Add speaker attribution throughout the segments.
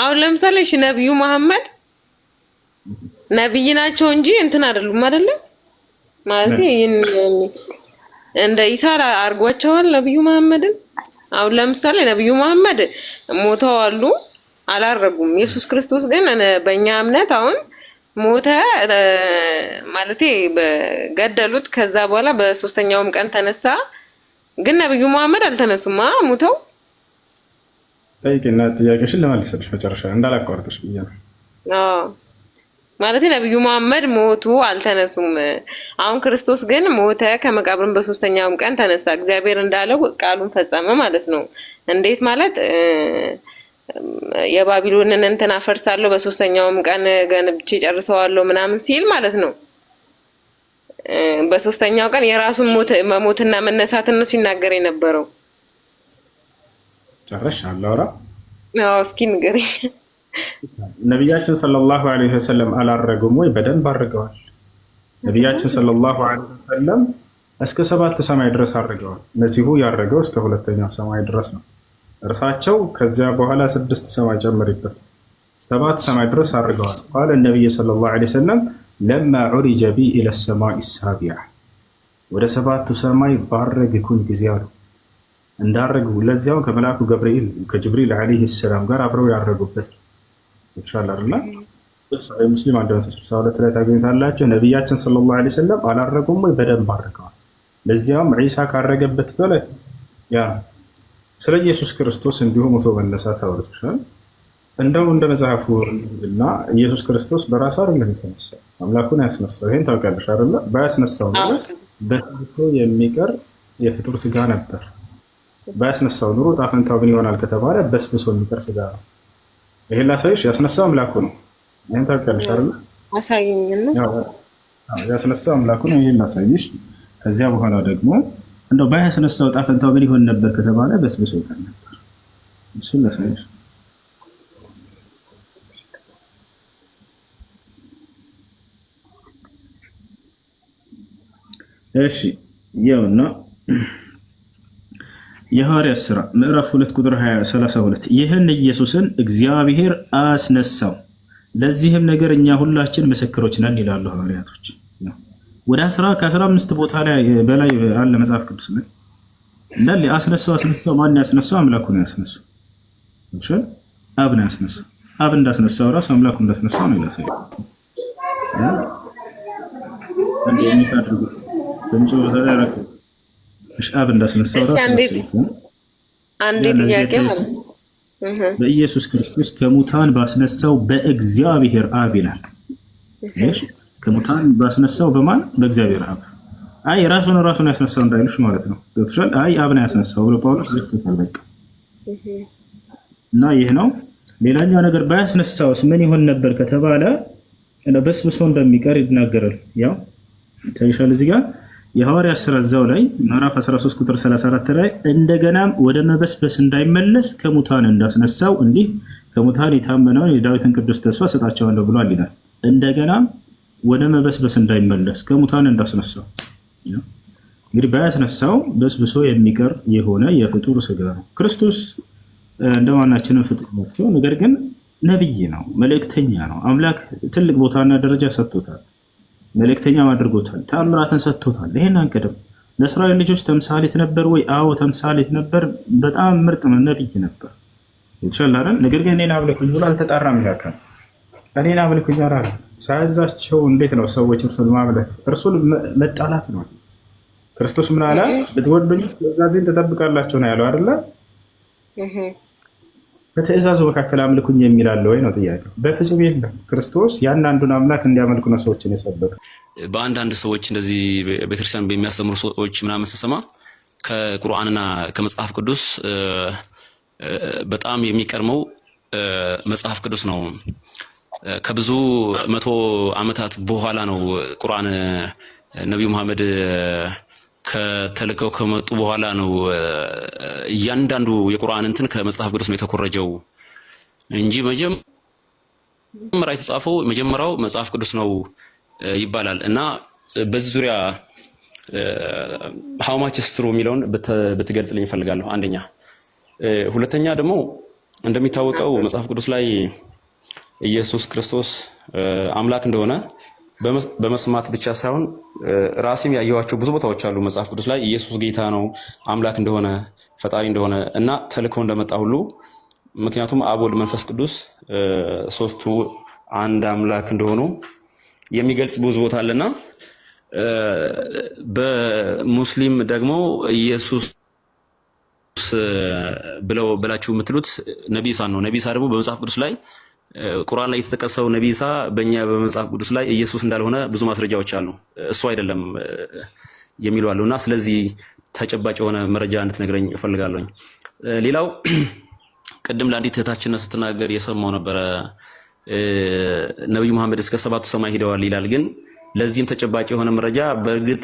Speaker 1: አሁን ለምሳሌ እሺ ነብዩ መሐመድ ነብይ ናቸው እንጂ እንትን አይደሉም አይደለ? ማለት እንደ ኢሳ አድርጓቸዋል ነብዩ መሐመድን። አሁን ለምሳሌ ነብዩ መሐመድ አሉ አላረጉም። ኢየሱስ ክርስቶስ ግን በእኛ እምነት አሁን ሞተ ማለት በገደሉት ከዛ በኋላ በሶስተኛውም ቀን ተነሳ። ግን ነብዩ መሐመድ አልተነሱማ ሞተው
Speaker 2: ጠይቂና ጥያቄሽን ልመልስልሽ መጨረሻ እንዳላቋርጥሽ ብዬ ነው።
Speaker 1: ማለት ነቢዩ መሐመድ ሞቱ አልተነሱም። አሁን ክርስቶስ ግን ሞተ ከመቃብርን በሶስተኛውም ቀን ተነሳ፣ እግዚአብሔር እንዳለው ቃሉን ፈጸመ ማለት ነው። እንዴት ማለት የባቢሎንን እንትን አፈርሳለሁ በሶስተኛውም ቀን ገንብቼ ጨርሰዋለሁ ምናምን ሲል ማለት ነው። በሶስተኛው ቀን የራሱን መሞትና መነሳትን ነው ሲናገር የነበረው።
Speaker 2: ጨረሻ አላውራ
Speaker 1: እስኪ ንገረኝ።
Speaker 2: ነቢያችን ሰለላሁ ዐለይሂ ወሰለም አላረጉም ወይ? በደንብ አድርገዋል። ነቢያችን ሰለላሁ ዐለይሂ ወሰለም እስከ ሰባት ሰማይ ድረስ አድርገዋል። መሲሁ ያረገው እስከ ሁለተኛው ሰማይ ድረስ ነው። እርሳቸው ከዚያ በኋላ ስድስት ሰማይ ጨምሪበት ሰባት ሰማይ ድረስ አድርገዋል። ቃለ ነቢይ ሰለላሁ ዐለይሂ ወሰለም ለማ ዑሪጀ ቢ ኢለ ሰማይ ሳቢያ ወደ ሰባቱ ሰማይ ባረግኩኝ ጊዜ አሉ እንዳረጉ ለዚያው ከመልአኩ ገብርኤል ከጅብሪል ዓለይሂ ሰላም ጋር አብረው ያረጉበት የተሻለ አላ ሙስሊም 162 ላይ ታገኝታላቸው። ነቢያችን ሰለላሁ ዓለይሂ ወሰለም አላረጉም ወይ? በደንብ አድርገዋል። ለዚያውም ዒሳ ካረገበት በላይ ያ ስለ ኢየሱስ ክርስቶስ እንዲሁ ሞቶ መነሳ ታወርትሻል። እንደው እንደ መጽሐፉ እና ኢየሱስ ክርስቶስ በራሱ አይደለም የተነሳ አምላኩን ያስነሳው። ይሄን ታውቃለሽ አይደለ? ባያስነሳው በሰው የሚቀር የፍጡር ስጋ ነበር። ባያስነሳው ኑሮ ጣፈንታው ግን ይሆናል ከተባለ በስብሶ የሚቀር ስጋ ነው። ይሄን ላሳይሽ። ያስነሳው አምላኩ ነው። ይህን ታውቂያለሽ አለ ያስነሳው አምላኩ ነው። ይህን ላሳይሽ። ከዚያ በኋላ ደግሞ እንደው ባያስነሳው ጣፈንታው ግን ይሆን ነበር ከተባለ በስብሶ ይቀር ነበር። እሱን ላሳይሽ። እሺ ይኸውና የሐዋርያት ሥራ ምዕራፍ 2 ቁጥር 32 ይህን ኢየሱስን እግዚአብሔር አስነሳው፣ ለዚህም ነገር እኛ ሁላችን ምስክሮች ነን ይላሉ ሐዋርያቶች። ወደ ከ15 ቦታ ላይ በላይ አለ መጽሐፍ ቅዱስ ላይ እንዳለ አስነሳው፣ አስነሳው። ማን ያስነሳው? አምላኩ ነው ያስነሳው። አብ ነው ያስነሳው። አብ እንዳስነሳው ራሱ አምላኩ እንዳስነሳው ነው ይላል። በሚጽ ቦታ ላይ አብ እንዳስነሳው
Speaker 1: አንድ ጥያቄ
Speaker 2: በኢየሱስ ክርስቶስ ከሙታን ባስነሳው በእግዚአብሔር አብ ይላል። ከሙታን ባስነሳው በማን በእግዚአብሔር አብ። አይ ራሱን ራሱን ያስነሳው እንዳይሉሽ ማለት ነው። ገብቶሻል? አይ አብን ያስነሳው ብሎ ጳውሎስ ዘግቶታል። በቃ እና ይህ ነው። ሌላኛው ነገር ባያስነሳውስ ምን ይሆን ነበር ከተባለ በስብሶ እንደሚቀር ይናገራል። ያው ታይሻል እዚህ ጋር የሐዋርያ ስራ እዛው ላይ ምዕራፍ 13 ቁጥር 34 ላይ እንደገናም ወደ መበስበስ እንዳይመለስ ከሙታን እንዳስነሳው እንዲህ ከሙታን የታመነውን የዳዊትን ቅዱስ ተስፋ ሰጣቸዋለሁ ብሏል ይላል። እንደገናም ወደ መበስበስ እንዳይመለስ ከሙታን እንዳስነሳው እንግዲህ ባያስነሳው በስብሶ የሚቀር የሆነ የፍጡር ስጋ ነው። ክርስቶስ እንደማናችንም ፍጡር ናቸው። ነገር ግን ነቢይ ነው፣ መልእክተኛ ነው። አምላክ ትልቅ ቦታና ደረጃ ሰጥቶታል። መልእክተኛም አድርጎታል። ተአምራትን ሰጥቶታል። ይሄን አንቀድም። ለእስራኤል ልጆች ተምሳሌት ነበር ወይ? አዎ ተምሳሌት ነበር። በጣም ምርጥ ነብይ ነበር። ይችላለን። ነገር ግን እኔን አምልኩኝ ብሎ አልተጣራም። ያካል እኔን አምልኩኝ አላለ። ሳያዛቸው እንዴት ነው ሰዎች እርሱን ማምለክ? እርሱን መጣላት ነው። ክርስቶስ ምን አለ? ብትወዱኝ ትእዛዜን ትጠብቃላችሁ ነው ያለው አይደለ? ከትእዛዙ መካከል አምልኩኝ የሚላለ ወይ ነው ጥያቄው። በፍጹም የለም። ክርስቶስ ያን አንዱን አምላክ እንዲያመልኩ ነው ሰዎችን የሰበቀ። በአንዳንድ ሰዎች እንደዚህ ቤተክርስቲያን በሚያስተምሩ ሰዎች ምናምን ስሰማ ከቁርአንና ከመጽሐፍ ቅዱስ በጣም የሚቀርመው መጽሐፍ ቅዱስ ነው። ከብዙ መቶ ዓመታት በኋላ ነው ቁርአን ነቢዩ መሐመድ ከተልከው ከመጡ በኋላ ነው እያንዳንዱ የቁርአን እንትን ከመጽሐፍ ቅዱስ ነው የተኮረጀው እንጂ መጀመሪያ የተጻፈው መጀመሪያው መጽሐፍ ቅዱስ ነው ይባላል እና በዚህ ዙሪያ ሃው ማች ስትሩ የሚለውን ብትገልጽልኝ እፈልጋለሁ። አንደኛ። ሁለተኛ ደግሞ እንደሚታወቀው መጽሐፍ ቅዱስ ላይ ኢየሱስ ክርስቶስ አምላክ እንደሆነ በመስማት ብቻ ሳይሆን ራሴም ያየዋቸው ብዙ ቦታዎች አሉ መጽሐፍ ቅዱስ ላይ ኢየሱስ ጌታ ነው፣ አምላክ እንደሆነ፣ ፈጣሪ እንደሆነ እና ተልኮ እንደመጣ ሁሉ ምክንያቱም አብ ወልድ መንፈስ ቅዱስ ሶስቱ አንድ አምላክ እንደሆኑ የሚገልጽ ብዙ ቦታ አለና በሙስሊም ደግሞ ኢየሱስ ብለው ብላችሁ የምትሉት ነቢሳ ነው። ነቢሳ ደግሞ በመጽሐፍ ቅዱስ ላይ ቁርአን ላይ የተጠቀሰው ነቢ ኢሳ በእኛ በመጽሐፍ ቅዱስ ላይ ኢየሱስ እንዳልሆነ ብዙ ማስረጃዎች አሉ። እሱ አይደለም የሚሉ አሉ እና ስለዚህ ተጨባጭ የሆነ መረጃ እንድትነግረኝ እፈልጋለሁኝ። ሌላው ቅድም ለአንዲት እህታችን ስትናገር የሰማው ነበረ ነቢዩ መሐመድ እስከ ሰባቱ ሰማይ ሂደዋል ይላል። ግን ለዚህም ተጨባጭ የሆነ መረጃ በእርግጥ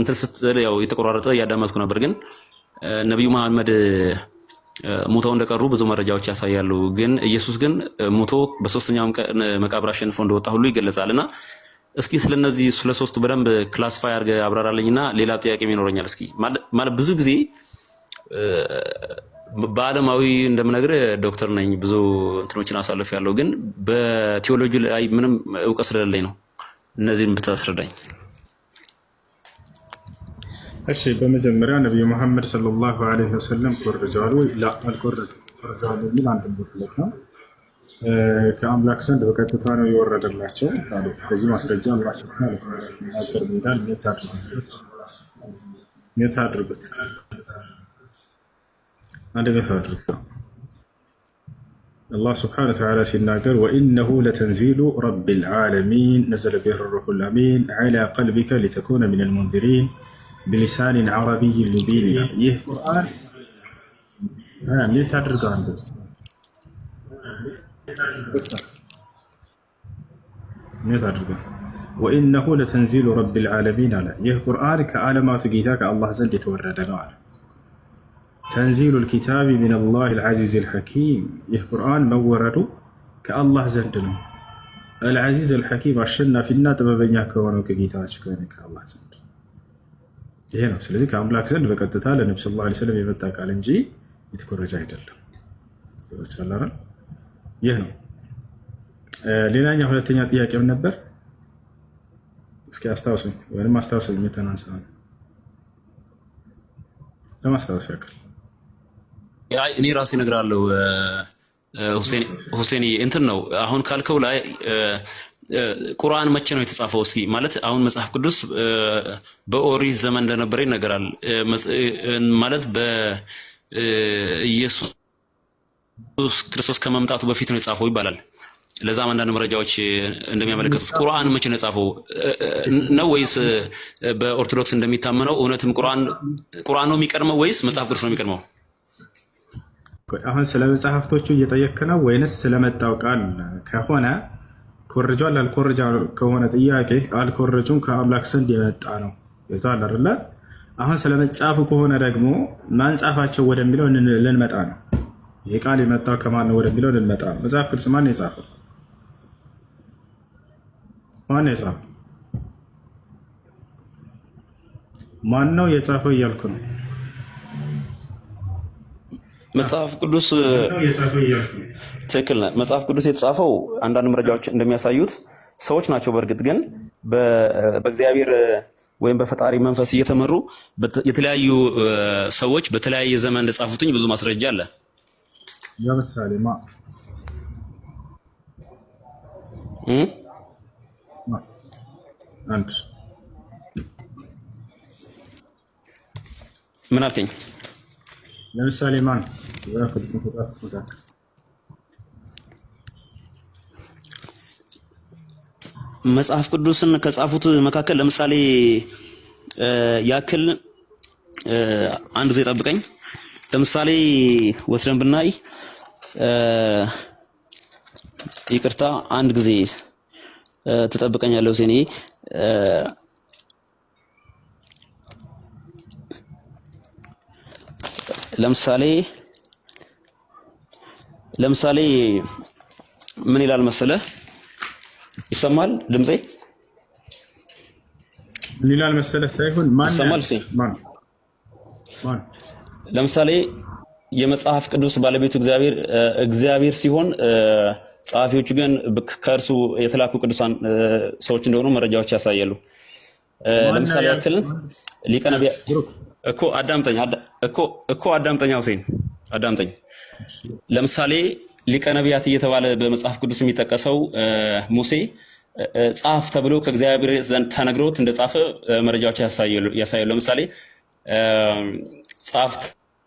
Speaker 2: እንትን ስትል ያው የተቆራረጠ እያዳመጥኩ ነበር። ግን ነቢዩ መሐመድ ሙተው እንደቀሩ ብዙ መረጃዎች ያሳያሉ። ግን ኢየሱስ ግን ሙቶ በሶስተኛውም ቀን መቃብር አሸንፎ እንደወጣ ሁሉ ይገለጻል እና እስኪ ስለነዚህ ስለሶስቱ በደንብ ክላስፋይ አብራራለኝ አብራራለኝና ሌላ ጥያቄም ይኖረኛል። እስኪ ማለት ብዙ ጊዜ በአለማዊ እንደምነግር ዶክተር ነኝ፣ ብዙ እንትኖችን አሳልፍ ያለው ግን በቴዎሎጂ ላይ ምንም እውቀት ስለሌለኝ ነው። እነዚህን ብታስረዳኝ እሺ በመጀመሪያ ነቢዩ መሐመድ ሰለላሁ አለይሂ ወሰለም ኮርጀዋል ወይ? ላ አልኮረጁም። ኮርጀዋል የሚል አንድ ምክለት ነው። ከአምላክ ዘንድ በቀጥታ ነው የወረደላቸው። በዚህ ማስረጃ አላቸውናል ኔት አድርጉት አንድ ኔት አድርጉት። አላህ ስብሐነ ወተዓላ ሲናገር ወኢነሁ ለተንዚሉ ረቢል ዓለሚን ነዘለ ቢህ ሩሑል አሚን ዓላ ቀልቢከ ሊተኩነ ሚነል ሙንዚሪን ብሊሳኒን ዓረቢይ ሙቢን ይህ ቁርአን እንዴት አድርገው እንዴት አድርገው ወኢነሁ ለተንዚሉ ረቢል ዓለሚን አለ። ይህ ቁርአን ከዓለማቱ ጌታ ከአላህ ዘንድ የተወረደ ነው አለ። ተንዚሉ ልኪታቢ ሚነላሂል ዓዚዚል ሐኪም ይህ ቁርአን መወረዱ ከአላህ ዘንድ ነው። አልዓዚዝ ልሐኪም አሸናፊና ጥበበኛ ከሆነው ከጌታችን ከአላህ ዘንድ ይሄ ነው። ስለዚህ ከአምላክ ዘንድ በቀጥታ ለነብ ስ ላ ስለም የመጣ ቃል እንጂ የተኮረጃ አይደለም። ይህ ነው። ሌላኛ ሁለተኛ ጥያቄም ነበር? እስኪ አስታውሱኝ፣ ወይም አስታውሱኝ። የተናንሰ ነው ለማስታወስ ያክል እኔ ራሴ እነግራለሁ። ሁሴን እንትን ነው አሁን ካልከው ላይ ቁርአን መቼ ነው የተጻፈው? እስኪ ማለት አሁን መጽሐፍ ቅዱስ በኦሪት ዘመን እንደነበረ ይነገራል። ማለት በኢየሱስ ክርስቶስ ከመምጣቱ በፊት ነው የጻፈው ይባላል። ለዛም አንዳንድ መረጃዎች እንደሚያመለከቱት ቁርአን መቼ ነው የጻፈው ነው ወይስ በኦርቶዶክስ እንደሚታመነው እውነትም ቁርአን ነው የሚቀድመው ወይስ መጽሐፍ ቅዱስ ነው የሚቀድመው? አሁን ስለ መጽሐፍቶቹ እየጠየክ ነው ወይንስ ስለመጣው ቃል ከሆነ ኮርጇል አልኮርጃ ከሆነ ጥያቄ አልኮረጁም ከአምላክ ዘንድ የመጣ ነው ይታል አይደለ? አሁን ስለ ከሆነ ደግሞ ማንጻፋቸው ወደሚለው ልንመጣ ነው። ይህ ቃል የመጣው ከማን ነው ወደሚለው ልንመጣ ነው። መጽሐፍ ቅዱስ ማን የጻፈው? ማን የጻፈው? ማን ነው የጻፈው እያልኩ ነው። መጽሐፍ ቅዱስ ትክክል ነህ። መጽሐፍ ቅዱስ የተጻፈው አንዳንድ መረጃዎች እንደሚያሳዩት ሰዎች ናቸው። በእርግጥ ግን በእግዚአብሔር ወይም በፈጣሪ መንፈስ እየተመሩ የተለያዩ ሰዎች በተለያየ ዘመን እንደጻፉትኝ ብዙ ማስረጃ አለ። ለምሳሌ ማ ምን አልከኝ? ለምሳሌ ማን ቅዱስ መጽሐፍ መካከል መጽሐፍ ቅዱስን ከጻፉት መካከል ለምሳሌ ያክል አንድ ጊዜ ጠብቀኝ። ለምሳሌ ወስደን ብናይ ይቅርታ፣ አንድ ጊዜ ትጠብቀኛለህ ሴኔ። ለምሳሌ ለምሳሌ ምን ይላል መሰለህ? ይሰማል ድምጼ? ምን ይላል መሰለህ ሳይሆን ማን ይሰማል? ለምሳሌ የመጽሐፍ ቅዱስ ባለቤቱ እግዚአብሔር እግዚአብሔር ሲሆን ጸሐፊዎቹ ግን ከእርሱ የተላኩ ቅዱሳን ሰዎች እንደሆኑ መረጃዎች ያሳያሉ። ለምሳሌ ያክል ሊቀ ነቢያት እኮ አዳምጠኝ እኮ እኮ አዳምጠኝ ሁሴን አዳምጠኝ። ለምሳሌ ሊቀ ነቢያት እየተባለ በመጽሐፍ ቅዱስ የሚጠቀሰው ሙሴ ጻፍ ተብሎ ከእግዚአብሔር ዘንድ ተነግሮት እንደጻፈ መረጃዎች ያሳያሉ። ለምሳሌ ጻፍ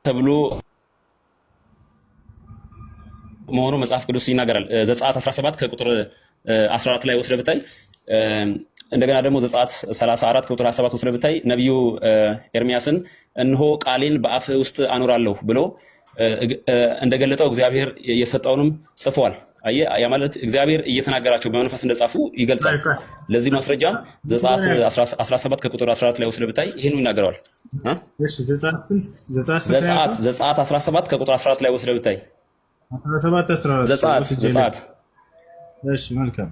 Speaker 2: ተብሎ መሆኑ መጽሐፍ ቅዱስ ይናገራል። ዘጸአት 17 ከቁጥር 14 ላይ ወስደህ ብታይ እንደገና ደግሞ ዘጸአት 34 ቁጥር 17 ወስደህ ብታይ ነቢዩ ኤርሚያስን እንሆ ቃሌን በአፍ ውስጥ አኖራለሁ ብሎ እንደገለጠው እግዚአብሔር የሰጠውንም ጽፏል። ያ ማለት እግዚአብሔር እየተናገራቸው በመንፈስ እንደጻፉ ይገልጻል። ለዚህ ማስረጃ ዘጸአት 17 ከቁጥር 14 ላይ ወስደህ ብታይ ይህን ይናገረዋል። ዘጸአት 17 ከቁጥር 14 ላይ ወስደህ ብታይ ዘጸአት ዘጸአት መልካም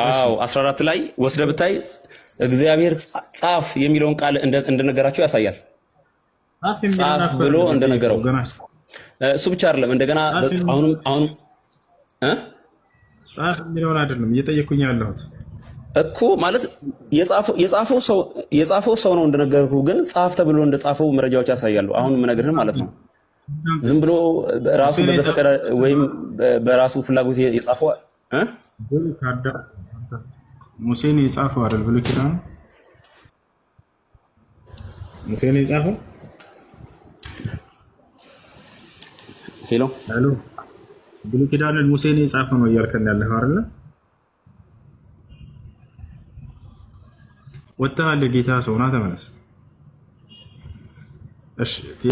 Speaker 2: አዎ 14 ላይ ወስደ ብታይ እግዚአብሔር ጻፍ የሚለውን ቃል እንደነገራቸው ያሳያል። ጻፍ ብሎ እንደነገረው እሱ ብቻ አይደለም። እንደገና አሁንም አሁን ጻፍ የሚለውን አይደለም እየጠየኩኝ ያለሁት እኮ ማለት የጻፈው ሰው ነው እንደነገርኩ፣ ግን ጻፍ ተብሎ እንደጻፈው መረጃዎች ያሳያሉ። አሁን የምነግርህን ማለት ነው። ዝም ብሎ ራሱ በዘፈቀደ ወይም በራሱ ፍላጎት የጻፈው ሙሴን የጻፈው አይደል? ብሉይ ኪዳን ሙሴን የጻፈው ሄሎ ሄሎ፣ ብሉይ ኪዳንን ሙሴን የጻፈው ነው እያልከን ያለኸው አይደለ? ወጥተሃል። ጌታ ሰውና ተመለስ። እሺ